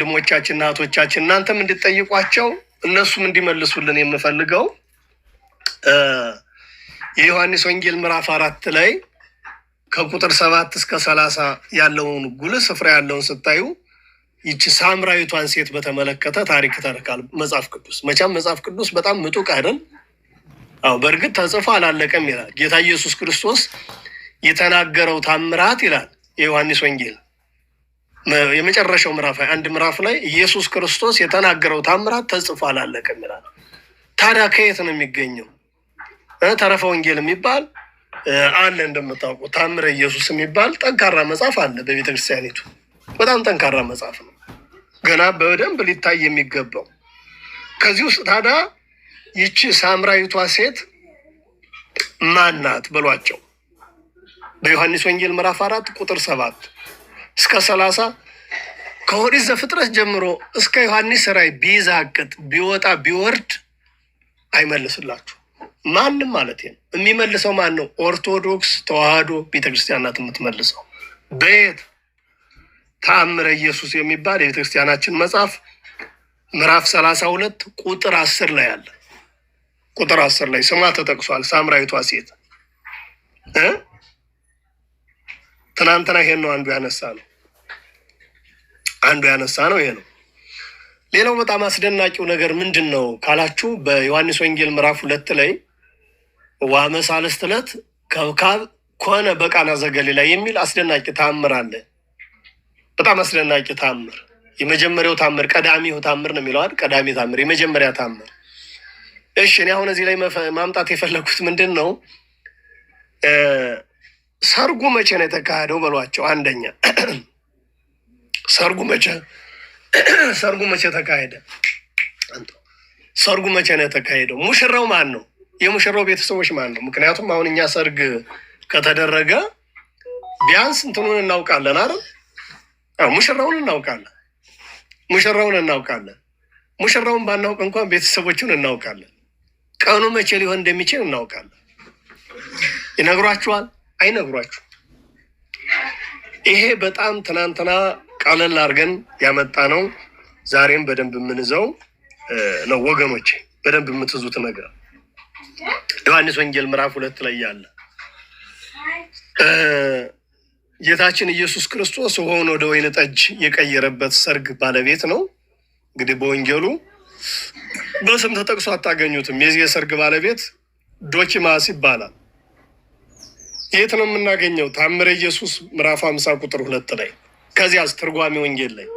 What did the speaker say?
ወንድሞቻችንና እህቶቻችን እናንተም እንድጠይቋቸው እነሱም እንዲመልሱልን የምፈልገው የዮሐንስ ወንጌል ምዕራፍ አራት ላይ ከቁጥር ሰባት እስከ ሰላሳ ያለውን ጉልህ ስፍራ ያለውን ስታዩ ይቺ ሳምራዊቷን ሴት በተመለከተ ታሪክ ይተርካል መጽሐፍ ቅዱስ። መቼም መጽሐፍ ቅዱስ በጣም ምጡቅ አይደል? አዎ፣ በእርግጥ ተጽፎ አላለቀም ይላል ጌታ ኢየሱስ ክርስቶስ የተናገረው ታምራት ይላል የዮሐንስ ወንጌል የመጨረሻው ምዕራፍ አንድ ምዕራፍ ላይ ኢየሱስ ክርስቶስ የተናገረው ታምራት ተጽፎ አላለቀም ይላል። ታዲያ ከየት ነው የሚገኘው? ተረፈ ወንጌል የሚባል አለ እንደምታውቁ፣ ታምረ ኢየሱስ የሚባል ጠንካራ መጽሐፍ አለ በቤተክርስቲያኒቱ። በጣም ጠንካራ መጽሐፍ ነው፣ ገና በደንብ ሊታይ የሚገባው። ከዚህ ውስጥ ታዲያ ይቺ ሳምራዊቷ ሴት ማን ናት? በሏቸው በዮሐንስ ወንጌል ምዕራፍ አራት ቁጥር ሰባት እስከ ሰላሳ ከኦሪት ዘፍጥረት ጀምሮ እስከ ዮሐንስ ራእይ ቢዛቅጥ ቢወጣ ቢወርድ አይመልስላችሁ ማንም ማለት ነው። የሚመልሰው ማን ነው? ኦርቶዶክስ ተዋህዶ ቤተክርስቲያን ናት የምትመልሰው። በየት ተአምረ ኢየሱስ የሚባል የቤተክርስቲያናችን መጽሐፍ ምዕራፍ ሰላሳ ሁለት ቁጥር አስር ላይ አለ። ቁጥር አስር ላይ ስሟ ተጠቅሷል። ሳምራዊቷ ሴት ትናንትና ይሄን ነው አንዱ ያነሳ ነው አንዱ ያነሳ ነው ይሄ ነው። ሌላው በጣም አስደናቂው ነገር ምንድን ነው ካላችሁ በዮሐንስ ወንጌል ምዕራፍ ሁለት ላይ ወአመሳልስት ዕለት ከብካብ ከሆነ በቃና ዘገሊላ የሚል አስደናቂ ታምር አለ። በጣም አስደናቂ ታምር፣ የመጀመሪያው ታምር፣ ቀዳሚው ታምር ነው የሚለዋል። ቀዳሚ ታምር፣ የመጀመሪያ ታምር። እሺ፣ እኔ አሁን እዚህ ላይ ማምጣት የፈለግኩት ምንድን ነው፣ ሰርጉ መቼ ነው የተካሄደው በሏቸው። አንደኛ ሰርጉ መቼ ሰርጉ መቼ ተካሄደ? ሰርጉ መቼ ነው የተካሄደው? ሙሽራው ማን ነው? የሙሽራው ቤተሰቦች ማን ነው? ምክንያቱም አሁን እኛ ሰርግ ከተደረገ ቢያንስ እንትኑን እናውቃለን አይደል? ሙሽራውን እናውቃለን፣ ሙሽራውን እናውቃለን። ሙሽራውን ባናውቅ እንኳን ቤተሰቦቹን እናውቃለን። ቀኑ መቼ ሊሆን እንደሚችል እናውቃለን። ይነግሯችኋል? አይነግሯችሁም። ይሄ በጣም ትናንትና ቀለል አድርገን ያመጣ ነው። ዛሬም በደንብ የምንዘው ነው ወገኖች፣ በደንብ የምትዙት ነገር ዮሐንስ ወንጌል ምዕራፍ ሁለት ላይ ያለ ጌታችን ኢየሱስ ክርስቶስ ውሃውን ወደ ወይን ጠጅ የቀየረበት ሰርግ ባለቤት ነው። እንግዲህ በወንጌሉ በስም ተጠቅሶ አታገኙትም። የዚህ የሰርግ ባለቤት ዶኪማስ ይባላል። የት ነው የምናገኘው? ታምረ ኢየሱስ ምዕራፍ ሀምሳ ቁጥር ሁለት ላይ ከዚያ አስተርጓሚ ወንጌል ላይ